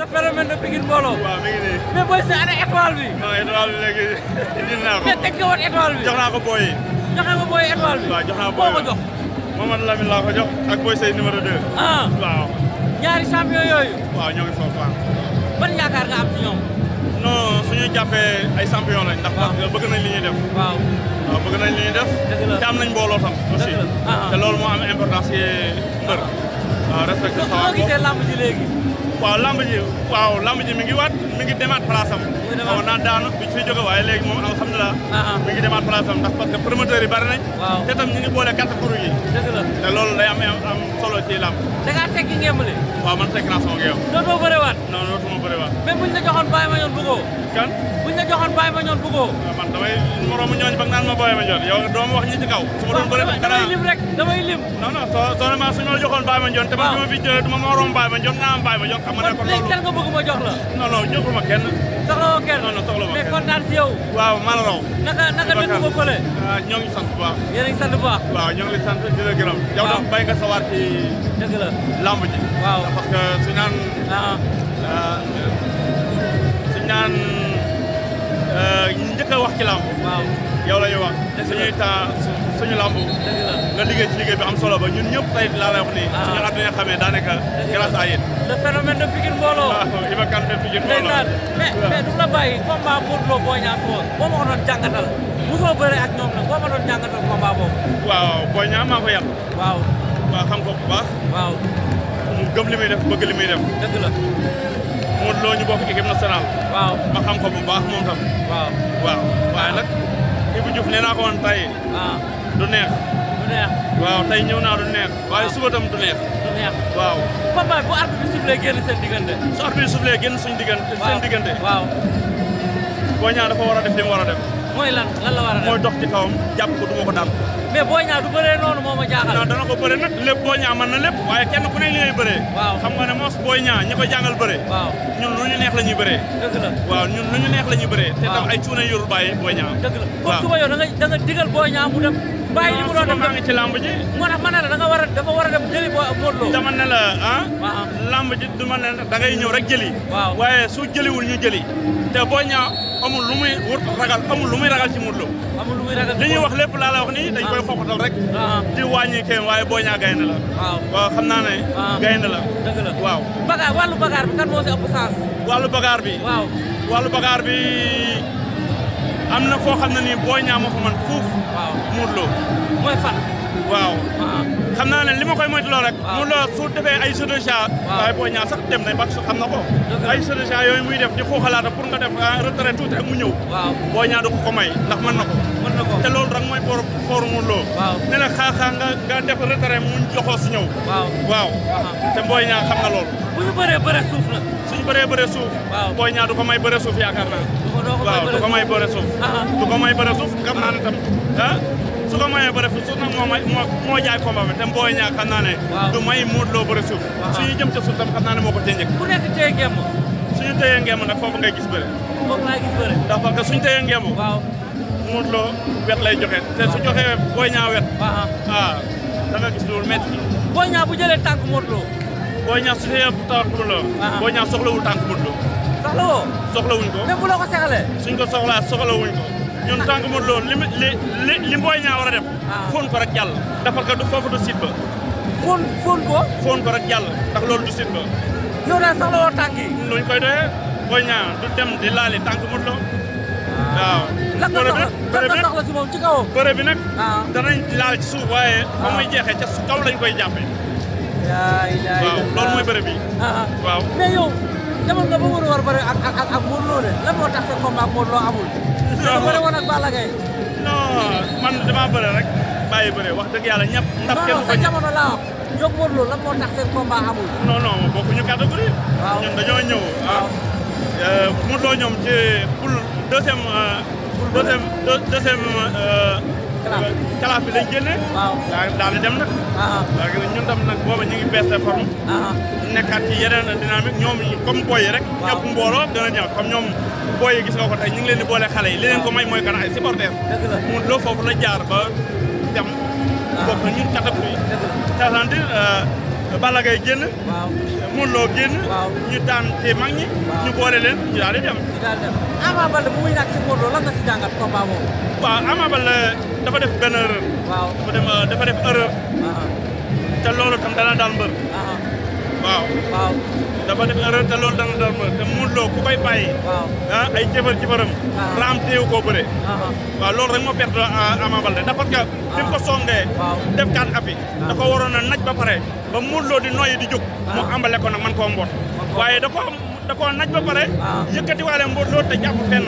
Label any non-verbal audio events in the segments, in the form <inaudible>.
Tak pernah de tapi mbooloo. waaw mi ngi nii. mais booy sa ana étoile bi. non étoile bi léegi <laughs> indi naa ko. mais teg nga Jangan étoile bi. jox naa ko booy yi. jox naa ah waaw. ñaari champion yo yo. ñoo ngi foofu waaw. ban yaakaar nga am ci ñoom. non ay champion lañ. ndax def. waaw waaw bëgg def. te am nañ mbooloo tam. aussi ah, ah. te loolu moo am importance ci mbër. Ah. waaw lamb ji waaw lamb ji mi ngi waat mi ngi demaat place am. mi ngi demaat xaw naa daanu bi fi jóge waaye léegi moom alhamdulilah. Ah, ah. mi ngi demaat place am ndax parce que yi bari nañ. waaw te tam ñu ngi boole carte kuréel yi. dëgg la te loolu day am am solo ci lamb. da ngaa tekki ngémbale. waaw man teg naa sama ak yow. dootoo bëriwaat. non dootuma bëriwaat. même buñ la joxoon bàyyi ma ñoon bëggoo. kan buñ la joxoon bàyyi ma ñoon bëggoo. Ah, man damay moromu ñooñ ba naan ma bàyyi ma ñoon yow doo ma wax ñi ci kaw. su ma doon bëri dara damay lim rek damay lim. non non soo soo demee suñu la joxoon bàyyi ma ñoon. te man bi ma fi jëlee du ma moromu bàyyi ma ñoon naa am bàyyi ma jox la. non non ñëpp soxla woo kenn man soxla woo kenn mais kontaan si yow. waaw maa la raw. naka naka dëkk bu fële. Ah, ñoo ngi sant bu baax. yéen a ngi sant bu baax. waaw ñoo ngi lay sant di la gërëm. waaw ah. yow tam bay nga sawaar ci. dëgg la lamb ji. waaw parce que su naan. Ah. su naan njëkk a wax ci lamb. waaw yow la ñuy wax. suñuy temps suñu lamb. dëgg la nga liggéey ci liggéey bi am solo ba ñun ñëpp tey laa lay wax nii. suñu àdduna xamee daanaka grâce à yéen. le phénomène de Pikine mbooloo. Ah, Iba Kane de Pikine mbooloo. ndeysaan mais ah. mais du la bàyyi combat Modou Lo Boy Niang boo ma ko doon jàngatal. mosoo ak ñoom nag boo ma doon jàngatal waaw Boy maa ko yàq. waaw. waaw xam ko baax. mu gëm li muy def bëgg li muy bokk équipe nationale. waaw ma xam ko bu baax moom tam. waaw waaw waaye nag. Ibou Diouf nee naa ko woon tey. waaw ah. du neex. du neex. waaw tey ñëw naa du neex. waaye suba du neex. neex. waaw combat bu arbitre bi soufflé génn seen diggante. su arbitre bi soufflé génn suñu diggante. waaw seen diggante. waaw. Boy Niang dafa war a def li mu war a de mooy lan lan la war a def mooy dox ci kawam jàpp ko du ma ko dàq. mais Boy Niang du bëree noonu moo ma na non dana ko bëree nag lépp Boy Niang mën na lépp. waaye kenn ku ne li ngay bëree. waaw xam ne moos boo Niang ñi ko jàngal bëree. waaw ñun lu ñu neex la ñuy bëree. dëgg la waaw ñun ñu neex la ñuy bëree. te tam ay cuuna yorul bàyyi Boy Niang. dëgg la kon bàyyi li mu doon def ci lamb ji moo tax ma da nga a dafa war a dem jëli Modou Lo dama ne la ah lamb ji du ma ne da ngay ñëw rek jëli waaw waaye ñu jëli te boo ñaa amul lu muy wut ragal amul lu muy ragal ci Lo amul lu muy ragal li ñuy wax lépp laa la wax nii dañ koy xoxatal ah. rek ah. di wàññi kenn waaye boo ñaa gaynde la waaw waaw xam naa ne ah. gaynde la bagaar bi kan bagaar bi mu na foo xam ne nii Boy Niang moo fa man fuuf. waaw Modou Lo. mooy fan. waaw. Ah. xam naa ne li ma koy moytuloo rek. waaw ah. Modou Lo su defee ay jeu de jeu. Ah. waaye ñaa Niang sax dem nañ ba xam na ko. ay jeu de jeu yooyu muy def di xuuxalaata pour nga def en retrait tuuti ak mu ñëw. boo Boy Niang du ko ko may na ko. mën na ko te loolu rek mooy por por mu loo. waaw ne la xaaxaa nga nga def retrait mu joxoo si ñëw. waaw waaw. Uh-huh. te Boy Niang xam na loolu. bu ñu bëree bëre suuf la. suñu bëree bëre suuf. waaw Boy Niang du ko may bëre suuf yaakaar naa. waaw uh-huh. du ko may bëre suuf. du ko may bëre suuf xam naa ne tam ah. su ko mayee bëre suuf nag moo naa ne. du may Modou Lo bëre suuf. Uh-huh. suñu jëm ca suuf tam gis bëre. foofu ngay gis Modou Lo wet lay joxe te su joxe Boy Niang wet waaw ah, da nga gis loolu metti Boy bu Lo Boy Niang su jëlee Lo ah, ah. Boy Niang soxlawul tànk Modou Lo soxlawoo soxlawuñ ko bu la ko suñ ko ko ñun Lo li li Boy Niang war def fóon ko rek jàll ndax parce du foofu du sit ba fóon ko fóon ko rek ndax du yow luñ koy Boy du dem di lali tànk Lo waaw bëre bi nag bëre bi nag danañ laal ci suuf waaye ba muy jeexee ca kaw lañ koy jàppee. waaw loolu mooy bëre bi. Ah, ah. waaw mais yow demoon nga ba war a war bëre ak ak ak Modou Lo de lan moo tax sa combat ak Modou Lo amul. waaw <laughs> bëre woon ak Balla Gaye. non man damaa bëre rek bàyyi bëre wax dëgg yàlla ñëpp. ndax kenn sa jamono laa wax yow Modou Lo lan moo tax seen combat amul. non non bokkuñu catégorie. waaw ñun dañoo ñëw ah. waaw. Euh, Modou Lo ñoom ci pour deuxième euh, deuxième deuxième euh, classe bi lañ génne waaw daal di dem nag waaw ah, ah. ñun nag booba ñu ngi baissé forme ah, nekkaat ci yeneen dynamique ñoom comme boy yi rek ñëpp mbooloo dana ñëw comme ñoom boy yi gis nga ko tey ñu ngi leen di boole xale yi li leen ko may mooy kan ay supporter Modou Lo la jaar ba dem bokk ñun cataplu yi cest Balla Gaye génn. waaw Modou Lo génn. ñu daan te mag ñi. ñu boole leen ñu daal di dem. ñu daal di dem Ama Baldé bu muy nag si Modou Lo lan nga si jàngat dafa def benn erreur. waaw dafa dem dafa def erreur. Ah, ah. te loolu daal mbër. Ah, waaw waaw dafa def erreur te loolu dana dal ma te mënuloo ku koy bàyyi ah ay jëfër jëfëram ah. raam téewu koo bëre uh-huh. waaw loolu rek moo perte ah, Ama Baldé ndax parce que bi mu ko ah. songee def kaan api da ko waroon a naj ba pare ba mënuloo di noyyi di jóg mu ambale ko nag man koo mboot waaye da ko da koo naj ba pare yëkkati waale mboot loolu te jàpp fenn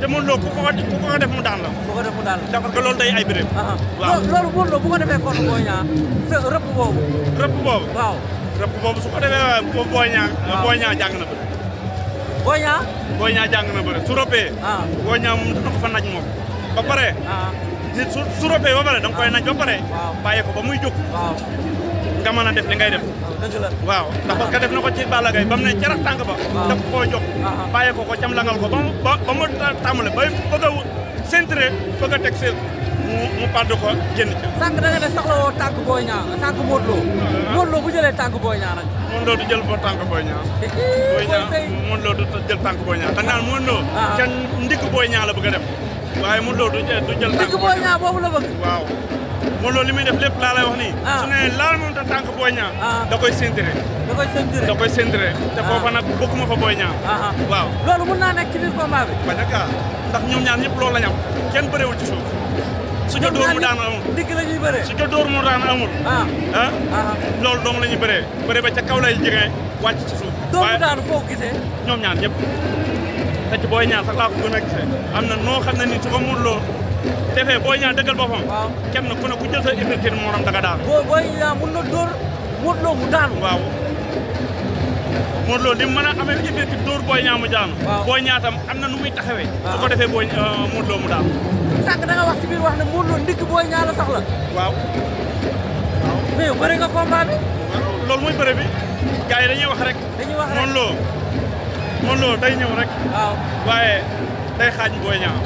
te mënuloo ku ko ku ko def mu daan la ku ko def mu daan la parce que loolu day ay béréb waaw loolu mënuloo bu ko defee kon boo ñaa rëpp boobu rëpp boobu waaw te boobu su ko defee waaye bu ko booy ñaa. waaw booy ñaa jàng na bëri. booy ñaa. booy ñaa jàng na bëri su ropee. waaw ah. booy ñaa moom ko fa naj moom. ba pare. Ah. nit su su ropee ba da nga koy ah. naj ba pare. ko ba muy jóg. nga mën a def ngay def. dëgg la waaw ndax parce que def na ko ci Balla Gaye ba mu ne carax tànk ba. daf koo jox. bàyyi ko ko cam langal ko ba mu ba mu a centré bëgg a teg mu pandu ko génn ci sank da nga ne soxla woo tànk booy ñaa tànk Modou Lo Modou Lo bu jëlee tànk booy ñaa nag Modou Lo du jël bo tànk booy ñaa booy ñaa Modou Lo du jël tànk booy ñaa da naan Modou Lo ca ah. ndig booy ñaa la bëgg a def waaye Modou Lo du jël du jël tànk booy ñaa boobu la bëgg waaw Modou Lo li def lépp laa lay wax nii ah. su ne laal moom te tànk booy ñaa ah. da koy centré da koy centré da koy centré te foofa nag bokkuma fa booy ñaa waaw loolu mën naa nekk ci biir combat bi bañ ndax ñoom ñaar ñëpp loolu la ñam kenn bëreewul ci suuf su ca dóor mu daan amul digg la su ca dóor mu daan amul loolu dong la ñuy bëree bëri ba ca kaw lay jigéen wàcc ci suuf dóor mu daan foo gisee ñoom ñaar ñëpp te ci booy ñaar sax laa am na noo xam ne ni su loo defee booy ñaar dëggal boppam kenn ku ne ku jël sa énergie morom da nga daal booy ñaar mu daanu waaw Modou Lo ni mu mën a amee énergie dóor booy ñaar mu daanu booy ñaar tam am na nu muy taxawee su ko ah. defee booy euh, Modou Lo mu daanu sànq da nga wax si biir wax ne Modou Lo ndig booy ñaar la soxla. waaw. waaw mais yow bëri nga combat loolu mooy bëre bi yi dañuy wax rek. dañuy wax rek Modou Lo Modou Lo day ñëw rek. waaw waaye day xaaj booy ñaar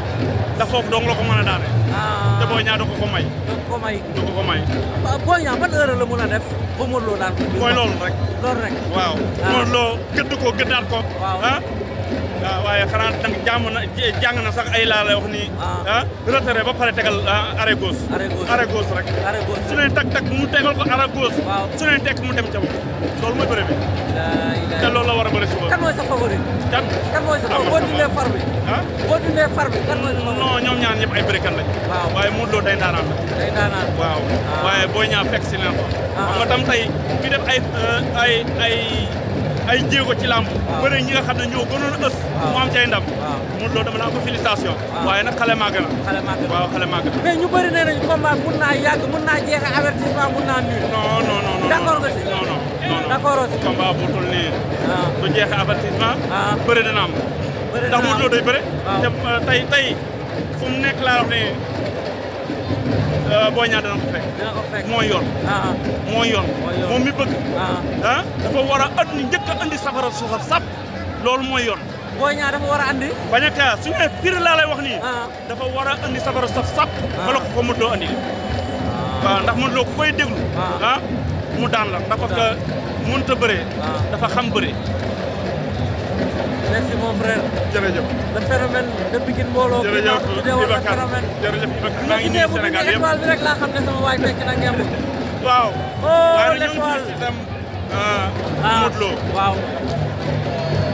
ndax foofu dong la ko mën a daane. Ah. te booy ñaar da ko ko may. da ko may da ko ko may. waaw ah, la mën a def ba Modou Lo daan ko. loolu rek. loolu rek waaw. waaw ah. Modou gëdd ko gëddaat ko. ah. waaw ah, waaye xanaa nag jàng na jàng na sax ay laa lay wax nii. ah, ah retiré ba pare tegal ah, arrêt gauche. arrêt gauche rek. arrêt gauche su ne tag mu tegal ko arrêt gauche. waaw su mu dem ca loolu mooy bëre war a bëri suba. boo dundee far far bi kan ñoom ñaar ñëpp ay bërekat lañ. waaye Modou Lo day daanaan waaye boo ñaa fekk si leen ko. xam nga euh, ay ay. ay jéego ci làmb ah. bëri ñi nga xam ne ñoo gënoon ës ah. mu am cay ndam ah. mu loolu dama naa ko félicitation waaye nag xale màgg na waaw xale màgg na mais ñu bëri nee nañ combat mun naa yàgg mun naa jeexe avertissement mun naa nul non non non d'accord nga si non non non d'accord aussi combat bu tul nii bu jeexe avertissement bëri dina am ndax mu loolu day bëri te euh, tey tey fu mu nekk laa wax ne Euh, boo Niang dana ko fekk. dana moo yoon. Ah, ah. moo yoon moom mi bëgg. Ah, dafa war a at njëkk a andi safara suufa sap loolu mooy yoon. Boy Niang dafa war a andi. bañ a kaa su ñu pire laa lay wax nii. dafa war a andi safara saf sap. bala ko ko ndax mën loo ko koy déglu. ah mu daan la ndax parce que bëree. dafa xam bëree. merci mon frère. jërëjëf. le phénomène de Pikine mbooloo. jërëjëf Iba Kane jërëjëf Iba Kane yëpp laa xam waaw. oh l' euh, ah, waaw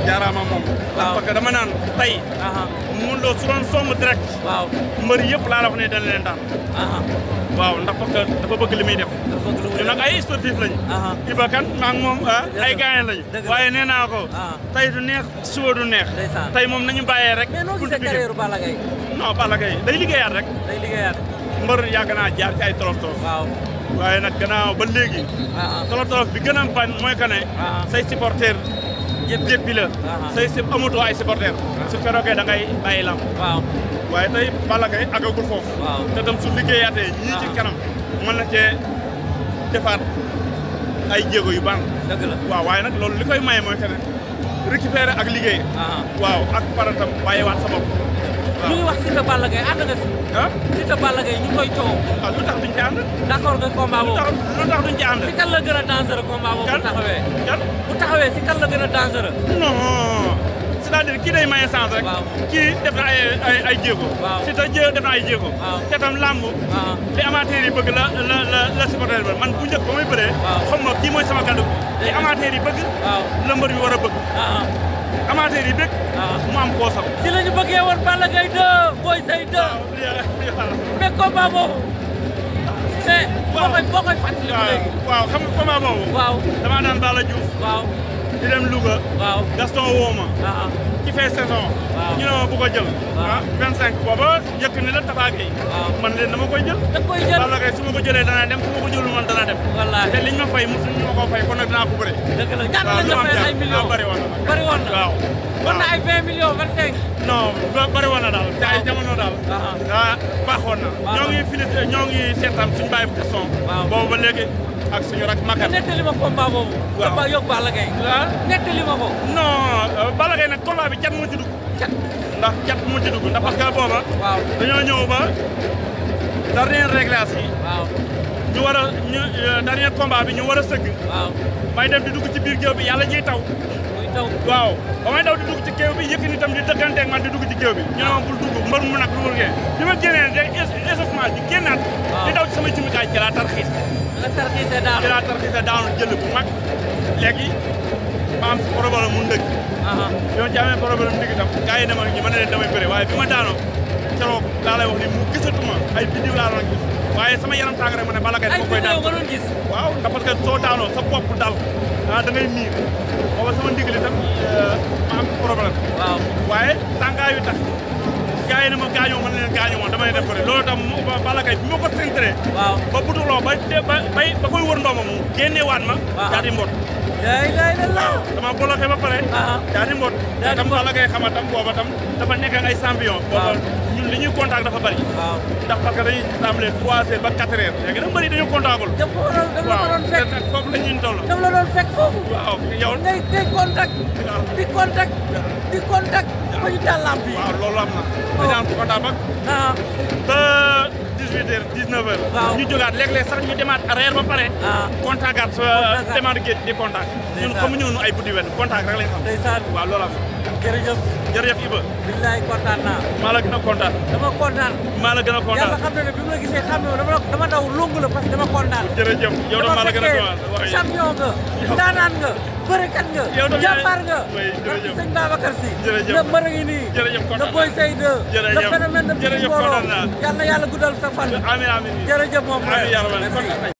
jaaraama moom. waaw parce que dama ah, ah. mu mënuloo waaw mbër yëpp laa la wax daan. waaw ndax parce que dafa bëgg nag ay sportif lañ Iba Kane maa moom ah, ay gaañal lañu waaye nee naa ko tay du neex suba du neex tey moom nañu bàyyee rek mais noo gisee carrière Balla Gaye day liggéeyaat rek day liggéeyaat mbër yàgg naa jaar ci ay tolof tolof waaye nag gannaaw ba léegi tolof tolof bi gën a bañ mooy que ne say supporter yëpp yëpp bi la say ay supporter su fekkee da ngay bàyyi lam waaye tey Balla Gaye àggagul foofu. te tam su liggéeyaatee. ñii ah. kanam mën na cee ay jéego yu baax. dëgg la waaye nag loolu li koy maye mooy que ne ak liggéey. Ah. waaw ak parantam bàyyiwaat sa bopp. ñu ngi wax Siteu Balla Gaye ànd nga si. ah Siteu Balla Gaye ñu koy coow. ah lu tax duñ ci ànd. d' accord nga combat boobu lu tax duñ ci ànd. si kan la gën a dangereux combat boobu bu taxawee. kan bu taxawee gën a dangereux. non. c'est-à-dire kii day maye chance rek. kii def ay ay jéego. waaw si te jé def na ay jéego. te tam làmb. li amateur yi bëgg la la la la man bu njëkk ba muy bëree. waaw kii mooy sama kaddu. li amateur yi bëgg. la mbër bi a bëgg. Ah, ah. amateur yi bëgg. Ah. mu am poosam. ci la ñu bëggee woon Balla Gaye 2 Boy Seye 2. <laughs> mais combat boobu. mais boo koy boo koy fàttali waaw xam nga combat boobu. waaw damaa daan Balla di dem Louga. waaw Gaston woo ma. Ah, ah. ci fee saison. ñu ne ma bu ko jël. ah 25 booba yëkk ni la Tapha Gueye. man de dama koy jël. da koy jël Balla Gaye su ma ko jëlee danaa dem ma ko jëlul man danaa dem. wallaahi liñ ma fay mosu ñu ma ko fay kon nag dinaa ko bëre. dëgg la daal te ah. ay daal. ah baaxoon na. waaw ñoo ngi félicité ñoo bu son. waaw boobu ak suñu rak Makar. nettali ma combat boobu. waaw combat yokk Balla Gaye. ah nettali ma ko. non euh, Balla Gaye nag combat bi cat moo ci dugg. cat booba. waaw ba dernier réglage yi. waaw ñu ñu euh, dernier combat bi ñu war a sëgg. may dem di dugg ci biir géew bi yàlla jiy taw. taw waaw ba may daw di dugg ci géew bi yëkkati itam di dëgganteeg man di dugg ci bi ñu ne ma bul dugg mu nag lu wër bi ma génnee day échauffement di génnaat di daw ci sama la tarxiisee daanu ci la tarxiisee jël bu mag léegi ma am problème mu ndëgg. ñoo ci amee problème mu ndëgg tam gars yi dama ñu a leen damay bëre waaye bi ma daanoo keroog laa ni mu gisatuma ay biddiw laa gis waaye sama yaram tàng rek ma ne bala ngay ma koy daan waaw ndax soo daanoo sa bopp dal ah da ngay niir sama ndigal itam euh, ma am problème. waaw waaye tàngaay wi gars yi ne ma gaañoo man leen gaañoo woon damay def ko de loolu tam Balla Gaye bi ma ko centré. waaw ba butuloo ba ba koy wër ndoomam mu génneewaat ma. waaw daal di yaa ngi lay la. dama bloqué ba pare. daa di mbot. daa di mbot tam la ngay xamal tam booba tam dafa nekk ay champion. ñun li ñuy contact dafa bari. waaw ndax parce ba 4 heures. léegi nag mbëri dañu contactul. ko waroon daf la ko doon fekk waaw foofu la ñuy toll. daf la doon fekk foofu. waaw yow. ngay ngay contact. di contact. di contact. ba ñu tàllam bi. waaw loolu am dix-huit heures dix-neuf heures ñu jógaat léeg-léeg sax ñu demaat reer ba pare contagaat demaat géej di contact ñun comme ñëw nu ay buddi wenn contact rek lañ xam ndeysaan waaw loola jërëjëf jërëjëf Iba billaay kontaan naa maa la gën a kontaan dama kontaan maa la gën a kontaan yàlla xam na ne bi ma gisee xam ne dama dama daw lungu la parce que dama kontaan jërëjëf yow dama la gën a kontaan champion nga ndaanaan nga bërekat nga. jàmbaar nga. jërëjëf sëñ Babacar de jërëjëf na a ngi nii. jërëjëf kontaan na Boy Sey 2. jërëjëf le phénomène de Mbooro yal na yàlla guddal sa fan. amiin amiin jërëjëf moom frère merci.